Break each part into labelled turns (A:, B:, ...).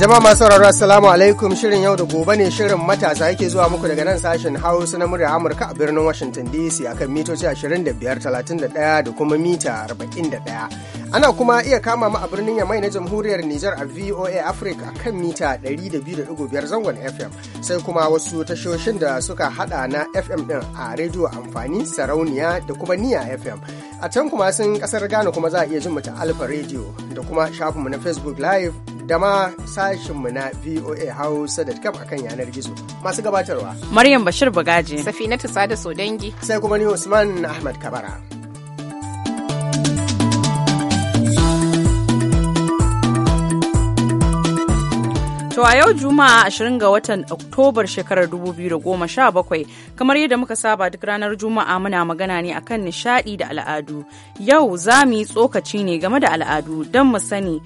A: Jama'a masu sauraro Assalamu alaikum shirin yau da gobe ne shirin matasa yake zuwa muku daga nan sashen Hausa na murya Amurka a birnin Washington DC akan mitoci 25, 31 da kuma mita 41. Ana kuma iya kama mu a birnin Yamai na Jamhuriyar Nijar a VOA Africa akan mita 102.5 zangon FM sai kuma wasu tashoshin da suka hada na FM din a rediyo amfani sarauniya da kuma niya FM. A can kuma sun kasar Ghana kuma za a iya jin mu ta Alfa Radio da kuma shafinmu na Facebook Live da ma sashinmu na VOA Hausa da kam akan yanar gizo. Masu gabatarwa.
B: Maryam Bashir Bagaje. Safinatu Sada dangi. Sai kuma ni Usman Ahmad Kabara. To a yau Juma'a 20 ga watan Oktobar shekarar 2017 kamar yadda muka saba duk ranar Juma'a muna magana ne akan nishadi da al'adu. Yau za mu yi tsokaci ne game da al'adu don mu sani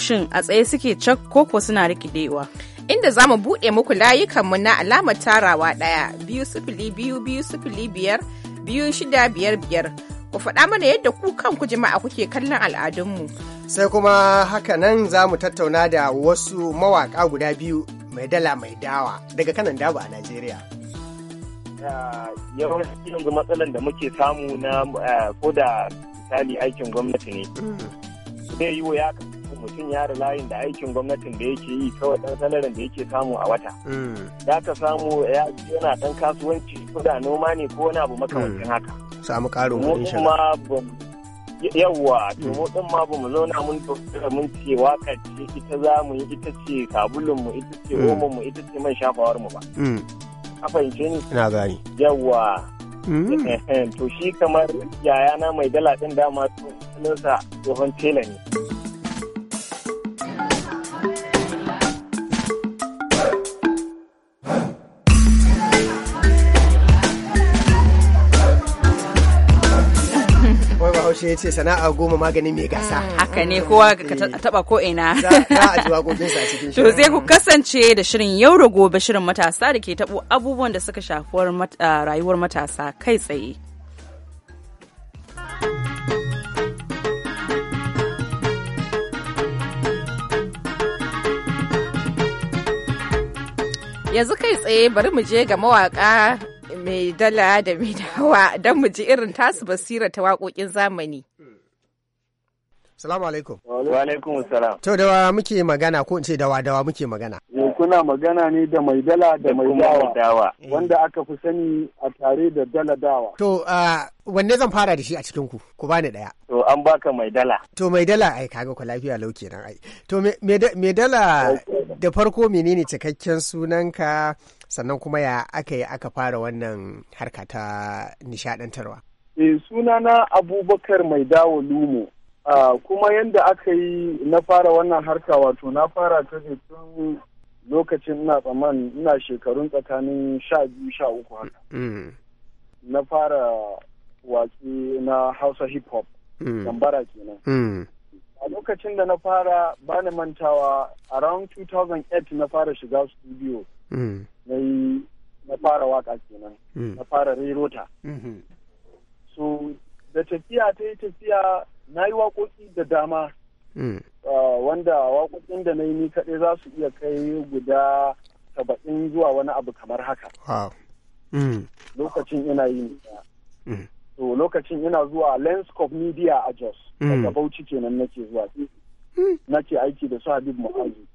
B: shin a tsaye suke cak ko kuwa suna rikidewa. inda za mu buɗe muku layukanmu na alamar tarawa ɗaya biyu sifili biyu biyu sifili biyar biyu shida biyar biyar ku faɗa mana yadda ku kanku jama'a kuke kallon al'adunmu. sai kuma haka nan za mu tattauna
A: da wasu mawaƙa guda biyu mai dala mai dawa daga kanan dawa a najeriya
C: yawanci yanzu matsalar da muke samu na eh, ko da misali aikin gwamnati ne mm. zai yi wa ya mutum ya da layin da aikin gwamnatin da yake yi kawai dan salarin da yake samu a wata ya mm. ka samu ya yana dan kasuwanci ko da noma ne ko wani abu makamancin mm.
A: haka samu karin kuɗin shiga
C: yawwa to mm. mu din ma ba mu zauna mun tafiya mun ce waka ce ita za mu yi ita ce sabulun mu ita ce omo mu ita ce man shafawar mu ba a fahimce ni ina gani yawwa to shi kamar yayana mai dala din dama tsohon tsohon tela ne
B: ce ya ce sana'a goma maganin mai gasa hmm. haka ne kowa ka taba ko ina za a ji waƙoƙin sa cikin to zai ku kasance da shirin yau da gobe shirin matasa da ke tabo abubuwan da suka shafi rayuwar matasa kai tsaye yanzu kai tsaye bari mu je ga mawaka mai dala da mai dawa don mu ji irin tasu basira ta waƙoƙin
D: zamani. Salamu alaikum. Wa alaikum salam.
A: To dawa muke magana ko in ce dawa dawa muke magana.
D: kuna magana ne da mai dala da mai dawa
C: wanda aka fi sani a tare da dala dawa.
A: To wanne zan fara da shi a cikin ku ku bani daya.
C: To an baka mai dala.
A: To mai dala ai kaga ku lafiya lau kenan ai. To mai dala da farko menene cikakken sunanka sannan kuma ya aka yi aka fara wannan harka ta nishadantarwa.
D: Eh sunana Abubakar Mai Dawo Lumo. kuma yadda aka yi na fara wannan harka wato na fara ta tun lokacin na tsaman ina shekarun tsakanin sha biyu sha uku haka mm. na fara watsi na hausa hip hop
E: mm. gambara kenan mm.
D: a lokacin da na fara bani mantawa around 2008 na fara shiga studio
E: na
D: yi na fara waka kenan na fara rerota mm-hmm. so da tafiya ta yi tafiya na yi waƙoƙi da dama hmm. uh, wanda waƙoƙin da na yi ni kaɗai za su iya kai guda saba'in zuwa wani abu kamar haka hmm. lokacin ina yi ne hmm. to lokacin ina zuwa lens of media a jos
E: daga bauchi
D: kenan nake zuwa nake aiki da su habib Muhammadu.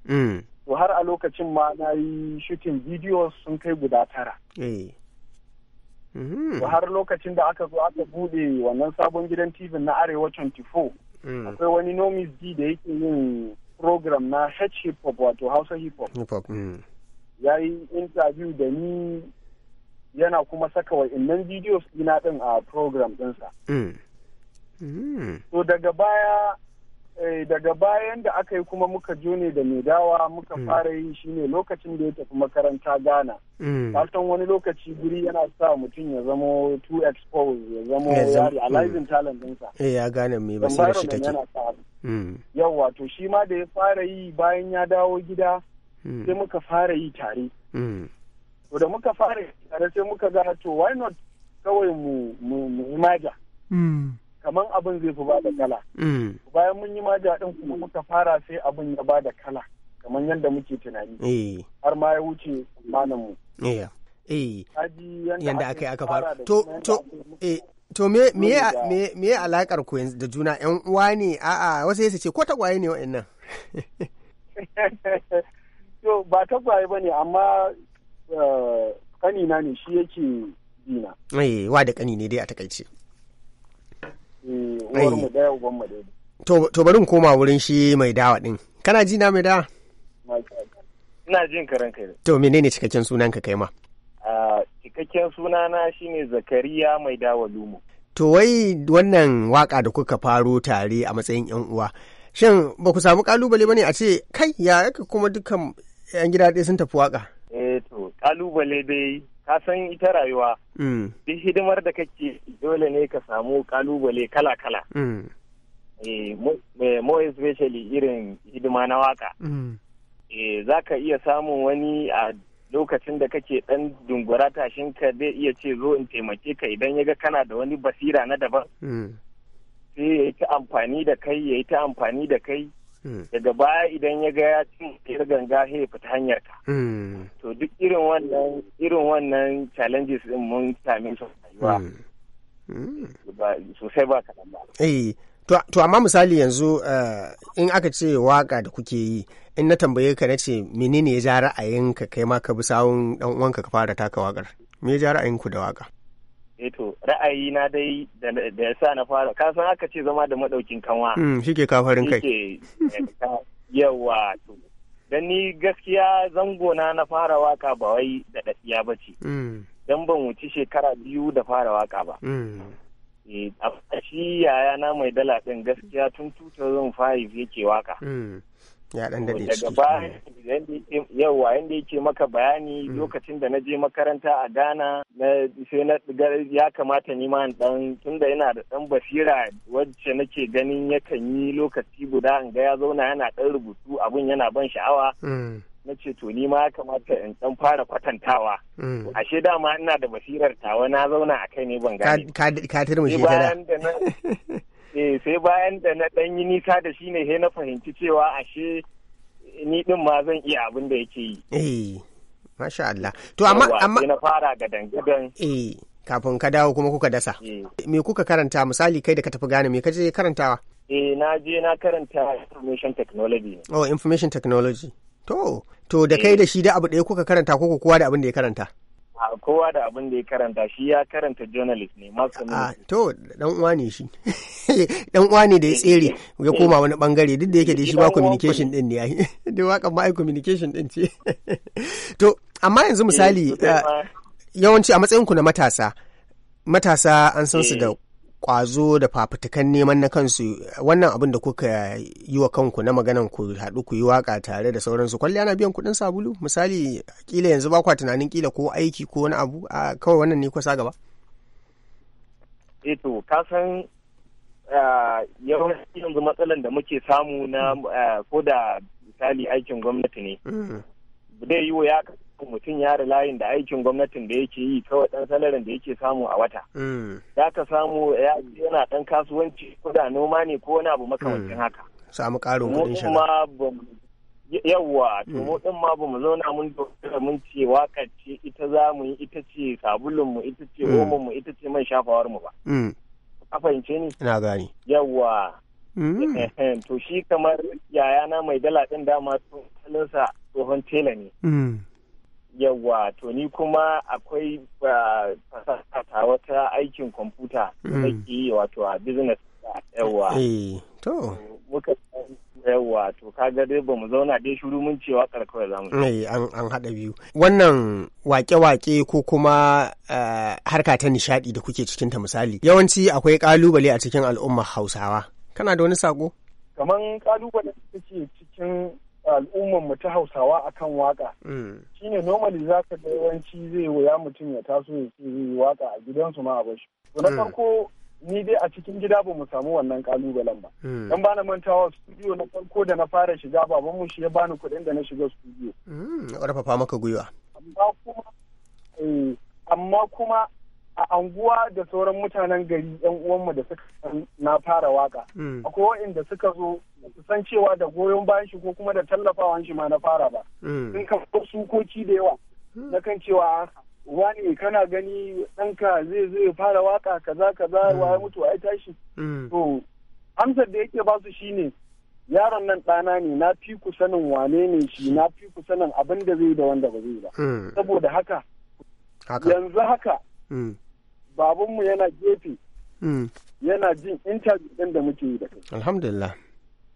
D: to har a lokacin ma na yi shooting videos sun kai guda tara
E: eh. Mm-hmm. har
D: lokacin da aka zo aka bude wannan sabon gidan tv na arewa 24 mm. akwai wani nomis d da yake yin program na hip hop wato hausa hip
E: hop mm.
D: ya yi interview da ni yana kuma saka wa'innan videos ina din a program dinsa.
E: So mm. mm-hmm.
D: daga baya Eh, daga bayan da aka yi kuma muka jone da mai dawa muka mm. fara yi shine lokacin da ya tafi makaranta gana. Mm. kasan wani lokaci guri yana sa mutum ya zamo too exposed ya zamo yari realizing mm. talent dinsa. eh
A: ya gane me basira shi take
D: yau wato shi ma da ya fara yi bayan ya dawo gida sai muka fara yi tare to da muka fara yi tare sai muka ga to why not kawai mu mu kamar abin zai fi bada kala mm. bayan mun yi maja ɗin kuma muka fara sai abin ya bada kala kamar yadda muke tunani eh. har ma ya wuce mu
E: Yadda eh.
A: eh.
D: yanda aka yi aka fara to to
A: to me me me me alakar ku da juna yan uwa ne a'a wasu yasa ce ko tagwaye ne nan?
D: to ba tagwaye ne amma kanina ne shi yake dina
A: wa da kani ne dai a takaice
D: daya eh,
A: to bari koma wurin shi mai dawa din kana ji na mai dawa
C: ina jin karan kai
A: to menene cikakken sunan ka kai ma
C: cikakken sunana shine zakariya mai dawa lumo
A: to wai wannan waka da kuka faru tare a matsayin yan uwa shin ba ku samu kalubale bane a ce kai ya kuma dukkan yan gida ɗaya sun tafi waka
C: eh to kalubale dai ka san ita rayuwa Mm. duk hidimar da kake dole ne ka samu kalubale kala-kala mm. eh, eh, more especially irin hidima na waka mm. eh, za ka iya samun wani a lokacin da kake dan dungura ka zai iya ce zo in taimake ka idan ya ga kana da wani basira na daban sai ya yi ta amfani da kai ya yi ta amfani da kai Mm. daga baya idan ya ga ya cin ya ganga sai fita hanyar ka.
E: Mm. to
C: duk irin wannan irin wannan challenges din mun same su
E: rayuwa mm.
C: sosai ba kaɗan ba
A: eh to amma misali yanzu eh, in aka ce waka da kuke yi in na tambaye ka na ce menene ya ja ra'ayinka kai ma ka bi sawun dan uwanka ka fara taka wakar me ya ja ra'ayinku da waka
C: eto eh ra'ayi na dai da ya sa na fara ka san aka ce zama da maɗaukin kanwa hmm, shi ke kafarin kai eh, yawa to dan ni gaskiya zangona na na fara waka ba wai da dadiya ba ce hmm. dan ban wuci shekara biyu da fara waka ba hmm. eh, a shi yaya na mai dala ɗin gaskiya tun 2005 yake waka ya dan dade daga baya yawa yake maka bayani mm. lokacin da na je makaranta a Ghana na sai na ya kamata ni ma dan tunda yana da dan basira wacce nake ganin yakan yi lokaci guda in ga ya zauna yana dan rubutu abun yana ban sha'awa mm. na ce to ni ma ya kamata in dan fara kwatantawa mm. ashe dama ina da basirar tawa na zauna a kai ne ban gane
A: ka turmushe ta da
C: eh sai bayan da na dan yi nisa da shi ne sai na fahimci cewa ashe ni din ma zan iya abin da yake yi. Eh, masha Allah. To amma amma na fara ga dangadan.
A: Eh, kafin ka dawo kuma kuka dasa. Eh. Me kuka karanta misali kai da ka tafi gane me ka karantawa?
C: Eh, na je na karanta information technology.
A: Oh, information technology. To, to da eh. kai da shi da abu ɗaya kuka karanta ko kowa da abin da ya karanta?
C: kowa da abin da ya karanta shi ya karanta journalist ne masu ah,
A: to dan uwa ne shi dan uwa ne da ya tsere ya koma wani bangare duk da yake da shi ba communication din ne ya da waka ma communication din ce to amma yanzu misali eh, eh, yawanci a matsayin ku na matasa matasa an san su eh. da kwazo da fafutukan neman na kansu wannan abin da kuka yi wa kanku na maganan ku haɗu ku yi waka tare da sauransu kwalliya na biyan kuɗin sabulu misali kila yanzu ba kwa tunanin kila ko aiki ko wani abu a kawai wannan ne kusa gaba
C: eto eh ka san yawanci yanzu matsalan da muke samu na ko da misali aikin gwamnati ne mm. zai yi ya mutum ya layin da aikin gwamnatin da yake yi kawai dan salarin da yake samu a wata. Ya mm. ka samu ya yana dan kasuwanci ko da noma ne ko wani abu makamancin mm. haka.
A: Samu ƙarin kudin shiga.
C: yawwa to mm. mu din ma mu zauna mun da mun ce waka ce ita za mu yi ita ce sabulun mu ita ce omon mu ita ce man shafawar mu ba a fahimce ni ina gani yawwa to shi kamar yayana mai dala din dama tsohon tsohon tela ne yawa to ni kuma akwai fasata wata aikin kwamfuta mm. da yi wato a business yawa eh, to muka yawa to kaga dai ba mu zauna dai shiru mun cewa karkawa za mu
A: eh, an haɗa biyu wannan wake-wake ko kuma eh, harka ta nishaɗi da kuke cikinta misali yawanci akwai ƙalubale a cikin al'ummar hausawa kana da wani sako
D: kaman ƙalubale da suke cikin al'ummar mu ta hausawa akan waka mm. shine normally za ka ga yawanci zai wuya mutum ya taso ya ce zai waka a gidansu ma a bashi to na mm. farko ni dai a cikin gida ba mu samu wannan kalubalen ba mm. dan bana mantawa studio na farko da na fara shiga baban mu shi ya bani kuɗin da na shiga studio ƙarfafa maka gwiwa amma kuma eh, amma kuma a anguwa da sauran mutanen gari yan uwanmu da suka na fara waka mm. akwai waɗanda suka zo su san cewa da goyon bayan shi ko kuma da tallafawan shi ma na fara ba mm. sun kafa sukoki da yawa mm. na kan cewa wani kana gani ɗanka zai zo ya fara waka kaza kaza ya mutu ai tashi to amsar da yake basu shine yaron nan ɗana ne na fi ku sanin wane ne shi na fi ku sanin abin da zai da wanda ba zai ba saboda haka yanzu haka babanmu yana gefe hmm. yana jin interview ɗin da muke yi da kai
A: alhamdulillah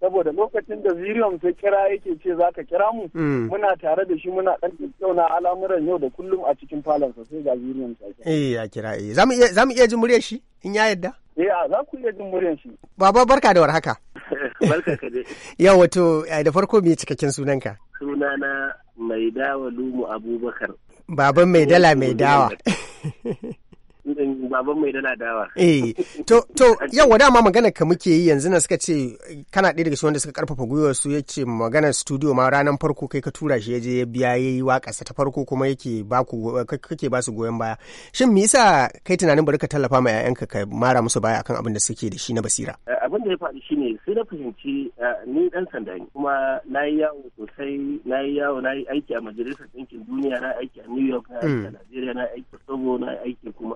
D: saboda lokacin da Ziriyom sai kira yake ce za ka kira mu hmm. muna tare da shi muna ɗan tattauna al'amuran yau da kullum a cikin falon sai ga zirium sai
A: eh ya kira eh za mu iya za mu iya jin muryar shi in ya yadda
D: eh a za ku iya jin muryar
C: shi
A: baba barka da warhaka
C: barka ka dai
A: yau wato eh, da farko yi cikakken sunanka
C: sunana mai dawa lumu abubakar
A: baban mai dala mai dawa
C: baban mai dana dawa. Eh,
A: to, to yawa dama magana ka muke yi yanzu na suka ce kana ɗaya daga shi wanda suka karfafa gwiwar su yace magana studio ma ranar farko kai ka tura shi ya je ya biya ya yi waƙarsa ta farko kuma yake ba ku kake ba su goyon baya. Shin me yasa kai tunanin bari ka tallafa ma 'ya'yanka ka mara musu baya akan abin da suke da shi na basira?
C: Eh, abin da ya faɗi shine sai na fahimci eh, ni ɗan sanda ne kuma na yi yawo sosai na yi yawo na yi aiki a majalisar ɗinkin duniya na aiki a New York na aiki a mm. Najeriya na aiki a Togo na aiki kuma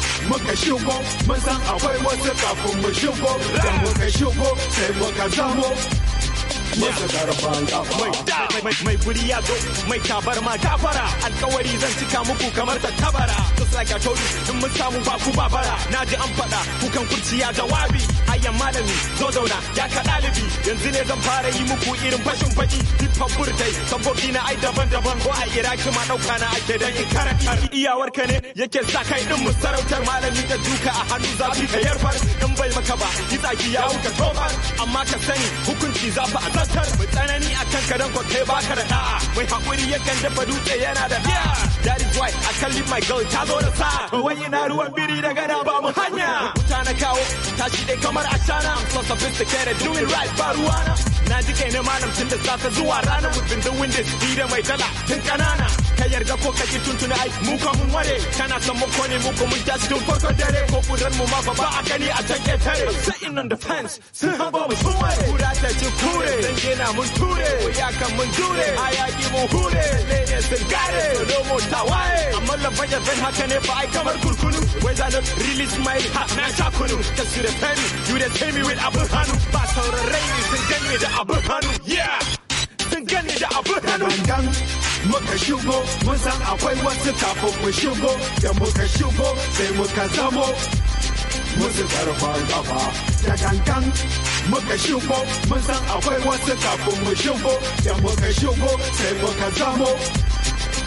F: muka shigo mun san akwai wasu kafin mu shigo da muka shigo sai muka zamo mai buri ya zo mai tabarma ma fara alkawari zan cika muku kamar ta tabara just like I told you in mun samu ba ku ba na ji an faɗa kukan kurciya jawabi hayan malami zo zauna ya ka ɗalibi yanzu ne zan fara yi muku irin bashin baki hip hop burdai sabbobi na ai daban-daban ko a iraki ma ɗauka na ake dan in iyawar ka ne yake sa kai din mu sarautar malami da duka a hannu zafi ka yarfar in bai maka ba tsaki ya wuka tobar amma ka sani hukunci zafi a zartar mai tsanani a kan ka dan ko kai baka da da'a mai hakuri yakan dafa dutse yana da da'a that is why I my girl ta zo da sa wani ina ruwan biri daga da ba mu hanya wuta na kawo tashi dai kamar a shana I'm so sophisticated, doing right ba na Na ji kai malam tun da safe zuwa rana, we've been doing this, da mai talatin kanana. yarda ko kaji tuntuna ai mu ko mun ware kana san mu ko ne mu ko mun tashi tun farkon dare ko kuran mu ma ba ba a gani a can tare sai on the fence sun ba mu sun ware kura ta ci kure zan na mun ture ya kan mun jure a ki mun hure ne ne sun gare solo mu tawaye amma la baya zan haka ne ba ai kamar kurkunu wai zanen release my heart na ta kunu ta sire da fani you da tell me with abu hanu ba sauran raini sun gani da abu hanu yeah sun gani da abu hanu muka shigo mun san akwai wasu kafin mu shigo da muka shigo sai muka zamo musu karfan gaba da gangan muka shigo mun san akwai wasu kafin mu shigo da muka shigo sai muka zamo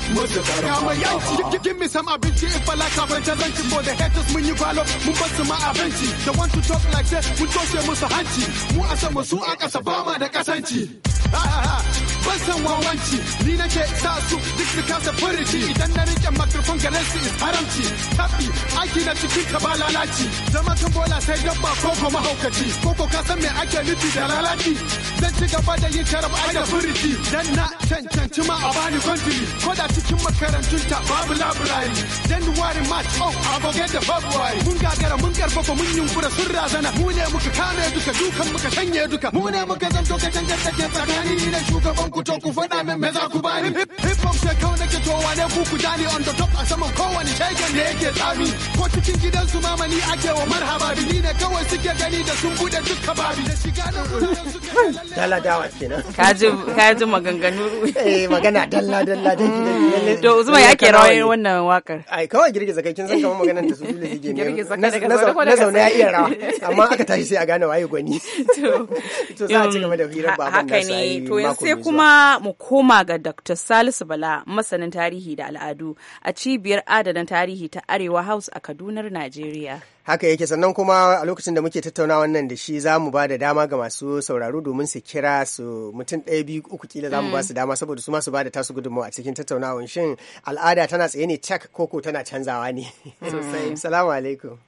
F: Kama yau, give me some abinci if I like abinci for the haters mun yi gwalo mun bar su ma abinci. The one to talk like that mun toshe musu hanci. Mu a sama su a ƙasa ba ma da kasanci. Ha ban san wawanci ni nake sa su duk su kasa furici idan na rike microphone garin su haramci tafi aiki na cikin ka ba lalaci zama kan bola sai dabba ko ko mahaukaci ko ko ka san me ake nufi da lalaci zan ci gaba da yin sharaf ai da furici dan na cancanci ma a bani kwantili ko da cikin makarantun ta babu labirari january march oh a forget da february mun gagara mun karfafa mun yunkura sun razana mu ne muka kame duka dukan muka sanya duka mu ne muka zanto ka canjar take tsakani ni shugaban kuto ku fada min me za ku bani hip hop sai kawai nake to ne ku ku dani on the top a saman kowane shegen da yake tsami ko cikin gidan su mama ni ake wa marhaba bi ni ne kawai suke gani da sun bude duk kababi da shiga na suke.
B: dala dawa kenan kaji kaji maganganu eh magana dalla dalla da gidan mm. to
A: uzuma yake rawar
B: wannan wakar ai kawai
A: girgiza kai kin san kamar maganar ta su dole yake ne na zaune ya iya rawa amma aka tashi sai a gane waye gwani to
B: to za a ci um, gaba da hirar baban nasa haka ne to sai kuma kuma mu koma ga Dr. Salisu Bala, masanin tarihi da al'adu a cibiyar adadin tarihi ta Arewa House a Kadunar, Najeriya.
A: Haka yake sannan kuma a lokacin da muke tattauna wannan da shi za mu ba da dama ga masu sauraro domin su kira su mutum ɗaya biyu uku kila za mu ba mm. su dama saboda su masu ba da tasu gudunmawa a cikin tattaunawan shin al'ada tana tsaye ne cak koko tana canzawa ne. Sosai. Salamu alaikum.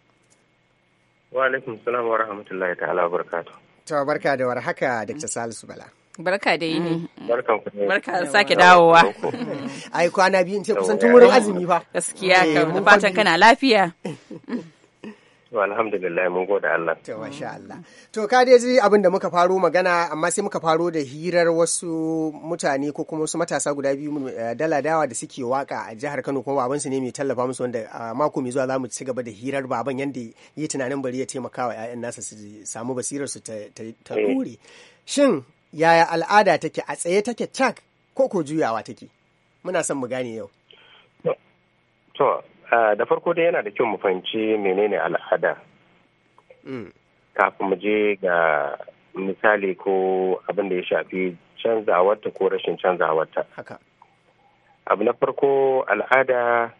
C: Wa alaikum salam wa rahmatullahi ta'ala wa barakatuh.
A: da warhaka Dr. Salisu Bala. Mm. Mm. Barka da yini.
C: Barka da sake dawowa.
A: Ai kwana biyu ce kusan tun wurin azumi ba. Gaskiya eh, kam fatan kana lafiya.
C: To alhamdulillah mun gode Allah. To masha Allah.
A: To ka dai ji abin da muka faro magana amma sai muka faro da hirar wasu mutane ko kuma wasu matasa guda biyu eh, dala dawa da suke waka a jihar Kano kuma baban su ne mai tallafa musu wanda mako mai zuwa za mu ci gaba da hirar baban yanda yi tunanin bari ya taimaka wa 'ya'yan nasa su samu basirar su ta dore. Eh. Shin yaya al'ada take a tsaye take cak ko ko juyawa take muna son mu gane yau
C: to da farko dai yana da kyau mu fahimci menene al'ada mm. kafin mu je ga misali ko abin da ya shafi canzawarta ko rashin canzawarta abu na farko al'ada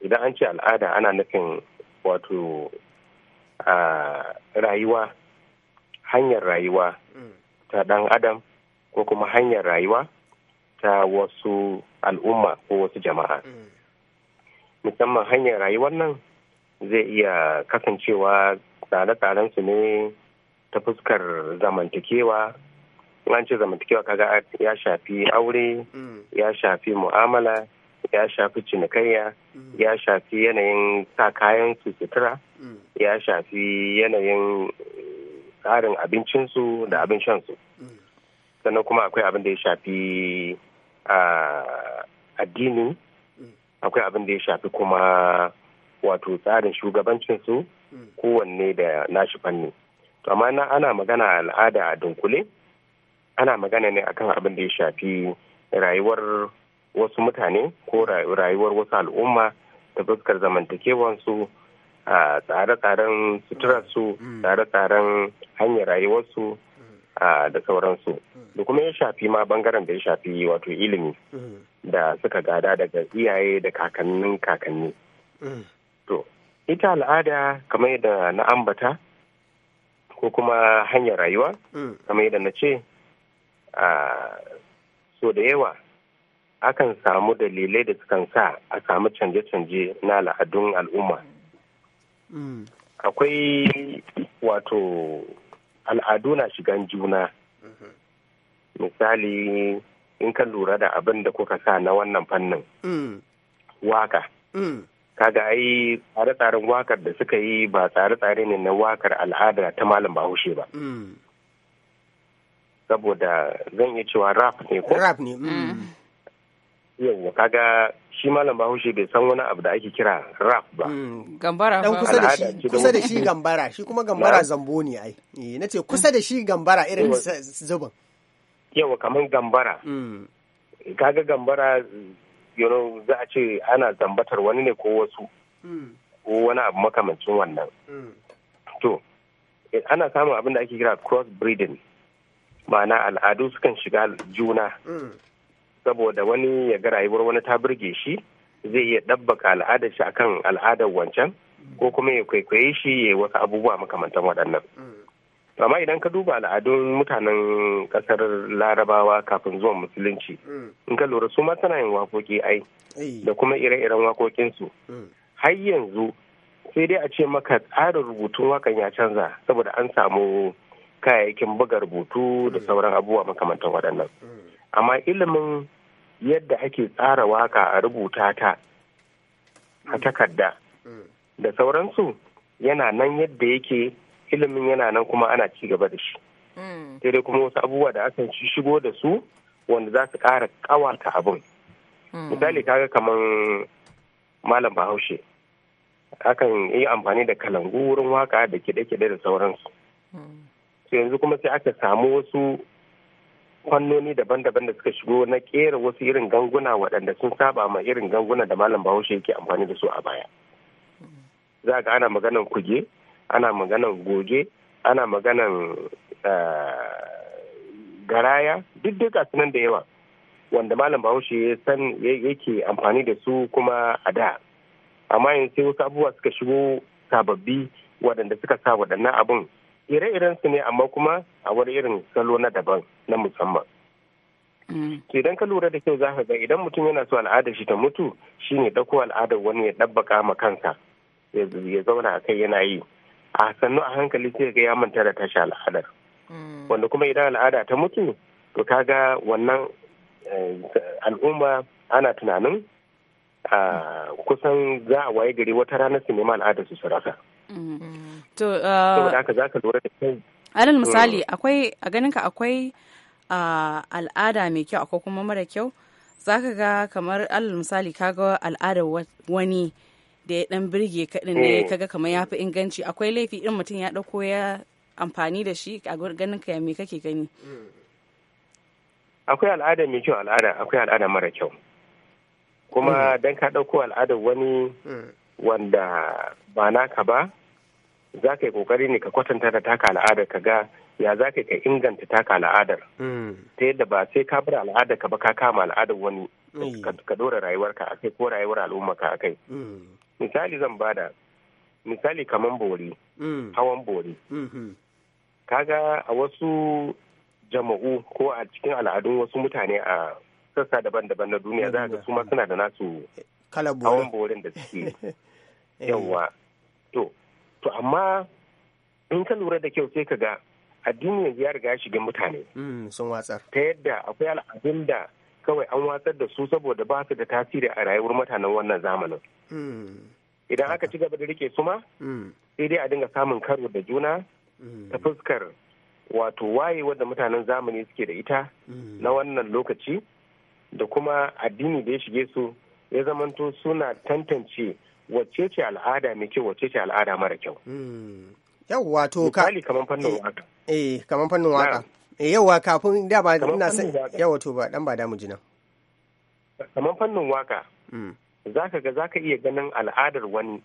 C: idan an ce al'ada ana nufin wato rayuwa hanyar rayuwa mm. ta ɗan adam ko kuma hanyar rayuwa ta wasu al'umma ko wasu jama'a mm. musamman hanyar rayuwar nan zai iya kasancewa tsare-tsaren su ne ta fuskar zamantakewa an ce zamantakewa kaga ya shafi aure mm. ya shafi mu'amala ya shafi cinikayya mm. ya shafi yanayin sa kayan su sutura ya shafi yanayin eh, tsarin abincinsu da abincinsu. sannan kuma akwai abin da ya shafi addini akwai abin da ya shafi kuma wato tsarin shugabancin su kowanne da nashi fanni to amma na ana magana al'ada a dunkule ana magana ne akan abin da ya shafi rayuwar wasu mutane ko rayuwar wasu al'umma ta fuskar zamantakewansu a tsare-tsaren suturarsu mm. tsare-tsaren hanyar rayuwarsu da sauransu da kuma ya shafi ma bangaren da ya shafi wato ilimi da suka gada daga iyaye da kakannin kakanni to ita al'ada kamar yadda na ambata ko kuma hanyar rayuwa kamar yadda na ce so da yawa akan samu dalilai da sukan sa a samu canje-canje na al'adun al'umma mm. akwai wato al'adu na shigan juna mhm. misali in ka lura da abin da kuka sa na wannan fannin mm. waka mm. kaga ai tsare-tsaren wakar da suka yi ba tsare-tsare ne na wakar al'ada ta malam bahaushe ba mm. saboda zan iya cewa rap ne ko rap ne yawwa kaga shi malam bahaushe bai san wani abu da ake kira rap ba mm,
A: gambara dan kusa da shi kusa da shi gambara shi kuma gambara zambo ne ai eh, na ce kusa da shi gambara irin zuba.
C: yawa kamar gambara mm. kaga gambara you know za a ce ana zambatar wani ne ko wasu mm. ko wani abu makamancin wannan to ana samun abin da ake kira cross breeding ma'ana al'adu sukan shiga juna saboda wani ya ga rayuwar wani ta burge shi zai iya ɗabbaka al'adar shi akan al'adar wancan ko kuma ya kwaikwaye shi ya yi wasu abubuwa makamantan waɗannan mm. amma idan ka duba al'adun mutanen ƙasar larabawa kafin zuwan musulunci mm. in ka lura su ma tana yin waƙoƙi ai da kuma ire-iren waƙoƙinsu mm. har yanzu sai dai a ce maka tsarin rubutun wakan ya canza saboda an samu kayayyakin buga rubutu da sauran abubuwa makamantan waɗannan amma ilimin yadda ake tsara waka a rubuta ta a mm. takarda mm. da sauransu yana nan yadda yake ilimin yana nan kuma ana ci gaba da shi mm. sai dai kuma wasu abubuwa da aka ci shigo da su wanda za su ƙara ƙawata abin misali kaga kamar malam bahaushe akan yi amfani da kalangu wurin waka da kiɗe-kiɗe da sauransu sai yanzu kuma sai aka samu wasu kwannoni daban-daban da suka shigo na kera wasu irin ganguna waɗanda sun saba ma irin ganguna da malam bahaushe yake amfani da su a baya za ga ana maganan kuge ana maganan goge ana maganan eh, garaya duk duka sunan da yawa wanda malam bahaushe ya san yake amfani da su kuma a da amma yanzu sai wasu abubuwa suka shigo sababbi waɗanda suka sa waɗannan abun ire-iren su ne amma kuma a wani irin salo na daban na musamman mm. idan ka lura da kyau za ka ga idan mutum yana so al'ada shi ta mutu shi ne dako al'adar wani ya ɗabbaka ma kansa ya zauna a kai yana yi a sannu a hankali sai ga ya manta da tashi al'adar mm. wanda kuma idan al'ada ta mutu to kaga wannan eh, al'umma ana tunanin ah, kusan za a waye gari wata ranar sinema al'adar su su rasa
B: mm. To,
C: uh, saboda Alal misali,
B: akwai a ganinka akwai uh, al'ada mai kyau akwai kuma mara kyau. Za ka ga kamar alal misali ka ga al'adar wani da ya dan birge kaɗin ne eh. kaga kamar ya fi inganci akwai laifi ɗin mutum ya ɗauko ya amfani da shi a ganin ka me kake gani
C: akwai al'ada mai kyau al'ada akwai al'ada mara kyau kuma mm. dan ka ɗauko al'adar wani mm. wanda ba naka ba za ka yi kokari ne ka kwatanta da taka al'adar ka ga ya za ka ka inganta taka al'adar hmm. ta yadda ba sai ka bar al'adar ka ba ka kama al'adar wani hmm. ka dora rayuwarka kai ko rayuwar al'umma ka kai? Hmm. misali zan bada misali kamar bori hawan bori ga a wasu jama'u ko a cikin al'adun wasu mutane a sassa daban-daban na duniya za ga su ma suna da nasu hawan borin da suke yawa to to amma in ka lura da kyau sai ka ga addini yanzu ya riga ya shiga mutane mm, sun watsar ta yadda akwai al'adun da kawai an watsar da su saboda ba su da tasiri a rayuwar mutanen wannan zamanin mm. idan aka ci gaba da rike su ma mm. sai dai a dinga samun karo da juna ta fuskar wato waye da mutanen zamani suke da ita na wannan lokaci da kuma addini da ya shige su ya zamanto suna tantance wacce ce al'ada mai kyau wacce ce al'ada mara kyau
A: hmm. Yau to ka misali kamar fannin waka eh, eh kamar fannin waka eh wa kafin da ba ina sai yau to ba dan ba da mu jina
C: kamar fannin waka hmm. zaka ga zaka iya ganin al'adar wani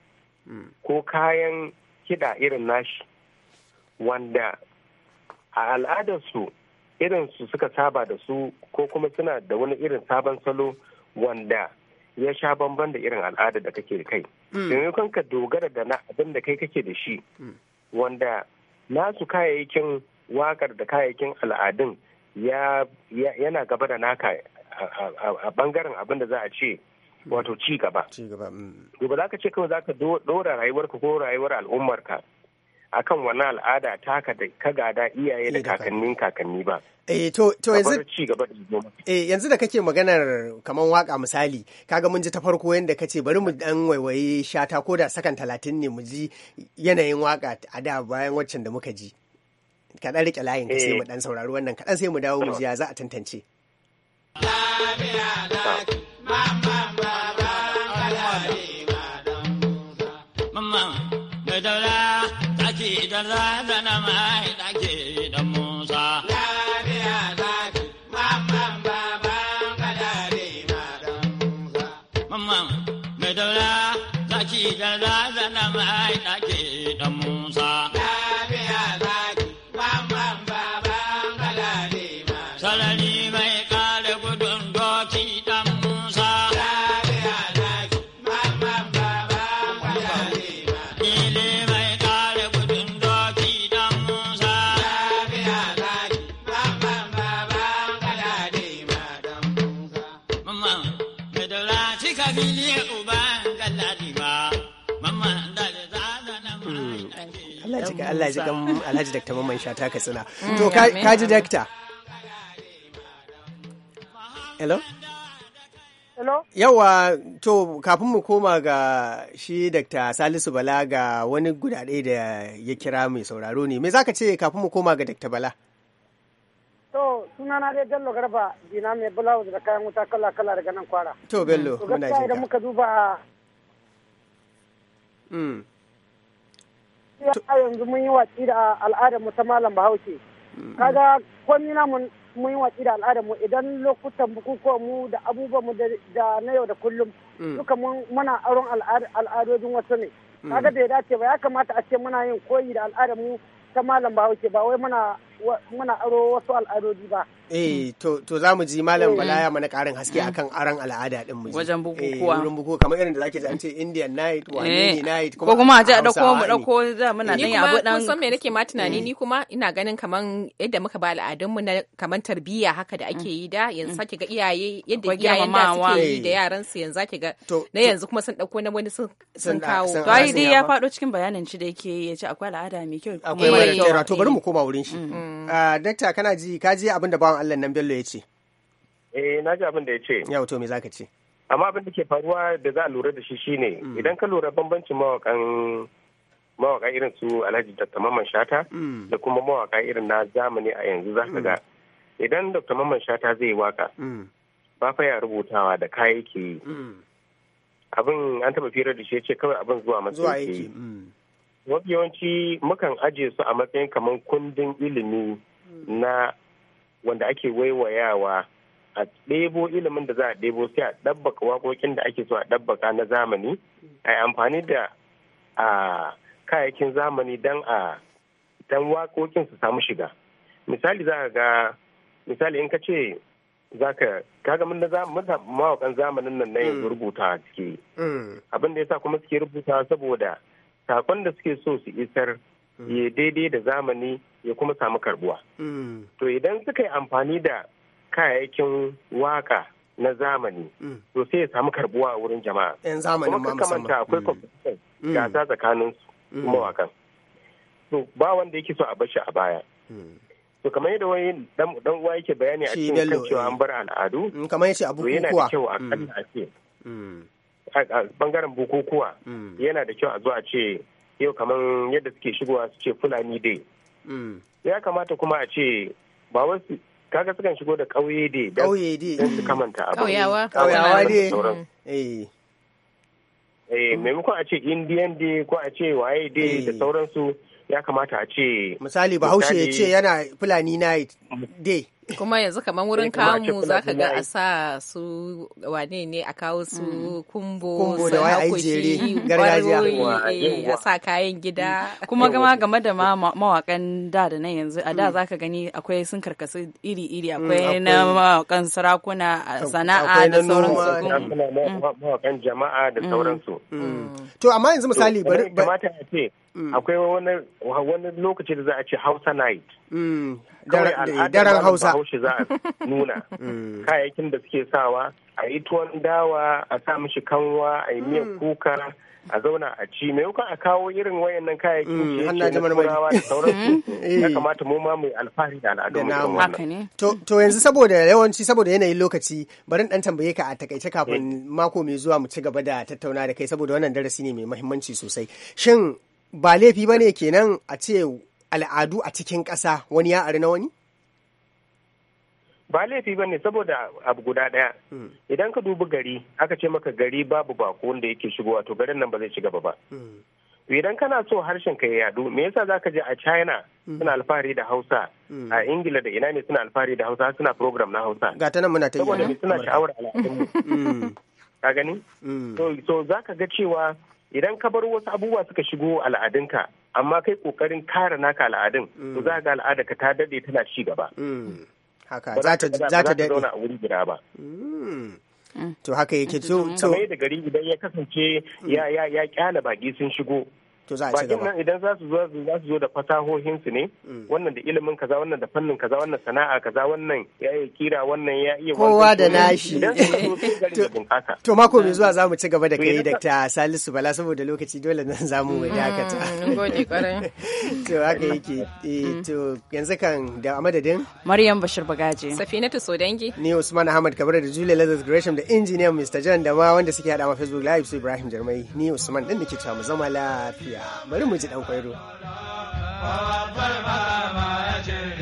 C: hmm. ko kayan kiɗa irin nashi wanda a al'adarsu irin su suka saba da su ko kuma suna da wani irin sabon salo wanda ya sha bamban da irin al'ada da kake da kai domin mm. kan ka dogara da na abin da kai kake da shi mm. wanda nasu kayayyakin wakar da kayayyakin al'adun yana gaba da naka a bangaren abin da za a ce wato ci gaba. Ci mm. za ka ce kawai za ka dora rayuwarka ko rayuwar al'ummarka akan wani al'ada taka da ka gada iyaye da kakannin kakanni ba. Eh to
A: to yanzu eh yanzu da kake maganar kamar waka misali kaga mun ji ta farko yanda kace bari mu dan waiwaye shata ko da sakan talatin ne mu ji yanayin waka a da bayan waccan da muka ji. Ka dan rike layin ka sai mu dan saurari wannan dan sai mu dawo mu ji ya za a tantance.
C: Mama, dan da zazana da Musa. Lafiya zaki, mamman baban kadare ma da Musa. Mamman mai zaki da
A: Allah ji kan Alhaji Dr. Mamman Shata Katsina. Mm, to ka ji dakta. Hello? Hello? Yawa to kafin mu koma ga shi Dr. Salisu Bala ga wani gudade da ya kira mai sauraro ne. Me zaka ce kafin mu koma ga Dr. Bala?
D: To sunana dai Bello Garba jina mai bulawu da kayan wuta kala kala daga nan kwara. To Bello muna jin ka. Idan muka duba Mm. gaskiya yanzu mun yi watsi da al'adar mu ta malam bahaushe kaga komi na mun yi watsi da al'adar mu idan lokutan bukukuwa mu da abubuwan mu da na yau da kullum mm. duka muna auren al'adojin wasu ne mm. kaga da ya dace ba ya kamata a ce muna yin koyi da al'adar mu ta malam bahaushe ba wai muna muna aro wasu al'adodi ba.
A: Eh to za mu ji malam eh. Bala ya mana karin haske akan aran al'ada din mu. Wajen eh, bukukuwa. Wurin bukukuwa kamar irin da zaki ji an ce Indian night eh. wani ne night kuma. Ko kuma a ji a dauko mu dauko
B: za muna dan yabo dan. Ni kuma me nake ma tunani ni kuma ina ganin kaman yadda muka ba al'adun mu na kaman tarbiyya haka da ake mm. yi da yanzu mm. sake ga iyaye yadda iyaye da suke yi da yaran su yanzu zaki ga na yanzu kuma sun dauko na wani sun kawo. To ai dai ya fado cikin bayanin shi da yake ya ce akwai al'ada mai kyau. Akwai wani to bari
A: mu koma wurin shi. Mm. Eh, dakta kana ji ka ji abin da bawan Allah nan Bello ya ce
C: eh na ji abin da ya ce yau to me zaka ce amma abin da ke faruwa da za a lura da shi shine mm. idan ka lura bambancin mawakan mawaka irin su Alhaji Dr. Mamman Shata mm. da kuma mawaka irin na zamani a yanzu za ka mm. ga idan Dr. Mamman Shata zai waka ba fa ya rubutawa da kayayyaki abin an taba firar da shi ya ce kawai abin zuwa masa yake yawanci mukan ajiye su a matsayin kamar kundin ilimi na wanda ake waiwayawa a ɗebo ilimin da za a ɗebo sai a ɗabbaka waƙoƙin da ake so a ɗabbaka na zamani a amfani da a kayayyakin zamani don a don waƙoƙin su samu shiga misali za ga misali in ka ce za ka kaga mun mawaƙan zamanin nan na yanzu mm. rubuta
E: suke mm.
C: abin da yasa kuma suke rubuta saboda sakon da suke so su isar hmm. ya daidai da zamani ya kuma samu karbuwa. Hmm. To idan suka yi amfani da kayayyakin waka na zamani hmm. to sai ya samu karbuwa a wurin jama'a. Yan zamani ma musamman. akwai competition gasa tsakanin su Kuma wakan. To ba wanda yake so a bashi a baya. To kamar yadda wani dan uwa yake bayani a cikin kan cewa an eh. bar al'adu. Kamar yace a bukukuwa. To yana da kyau a kan a ce. a bangaren bukukuwa mm. yana da kyau a zuwa ce yau kamar yadda suke shigowa su ce fulani dai mm. ya kamata kuma a ce ba wasu kaga sukan shigo da ƙauye dai don su kamanta abu ƙauyawa ƙauyawa eh. Eh, mm. maimakon a ce indiyan dai ko a ce waye dai da eh. sauransu ya kamata a ce misali bahaushe ya ce
B: yana fulani night dai kuma yanzu kamar eh, wurin kamu za ka ga a sa su wane ne a kawo su mm. kumbo da wani aijere gargajiya eh, a sa kayan gida mm. kuma gama game da mawakan da da nan yanzu a da mm. za ka gani akwai sun karkasu iri-iri akwai na mawakan
C: sarakuna sana'a da sauransu mawakan jama'a da sauransu to amma yanzu misali bari Mm. akwai wani lokaci da za a ce hausa night
E: mm. daren hausa haushi za a nuna mm.
C: kayayyakin da suke sawa a yi tuwon dawa a sa mishi kanwa a yi miyan kuka a zauna a ci maimakon a kawo irin nan kayayyakin ce na da eh. ya kamata mu ma mai alfahari da al'adun wannan
A: to yanzu saboda yawanci saboda yanayin lokaci barin dan tambaye ka a takaice kafin eh. mako mai zuwa mu ci gaba da tattauna da kai saboda wannan darasi ne mai muhimmanci sosai shin ba laifi ba ne kenan a ce al'adu a cikin ƙasa wani ya na wani?
C: ba laifi ba ne saboda abu guda ɗaya hmm. idan ka dubi gari aka ce maka gari babu bako wanda yake shigowa to garin nan ba zai shiga ba ba hmm. idan kana so harshen ka ya yadu me yasa zaka je a China hmm. suna alfahari da Hausa a Ingila da ina ne suna alfahari da Hausa suna program na Hausa
A: ga ta nan muna ta yi saboda suna sha'awar
C: al'adun ka gani so zaka ga cewa idan ka bar wasu abubuwa suka shigo al'adunka amma kai kokarin kare naka al'adun to mm. za ga al'ada ka ta dade tana ci gaba mm. haka za ta za ta dade a wuri guda ba
A: mm. to haka yake to to
C: da gari idan ya kasance ya ya ya kyala baki sun shigo to za a ci gaba nan idan za su zo za su zo da fasahohin su ne mm. wannan da ilimin kaza wannan da fannin kaza wannan sana'a kaza wannan ya iya kira wannan ya iya kowa da nashi
A: to mako mai zuwa za mu ci gaba da kai dakta Salisu Bala saboda lokaci dole nan za mu mm, dakata
B: gode kwarai
A: to haka yake eh, mm. to yanzu kan da amadadin Maryam Bashir Bagaje
B: Safinatu Sodangi ni
A: Usman Ahmad Kabir da Julia Lazarus Gresham da engineer Mr. John da ma wanda suke hada ma Facebook live su Ibrahim Jarmai ni Usman din nake cewa mu zama lafiya bari mu ji dan kwairo.
E: Babbar mama ya ce.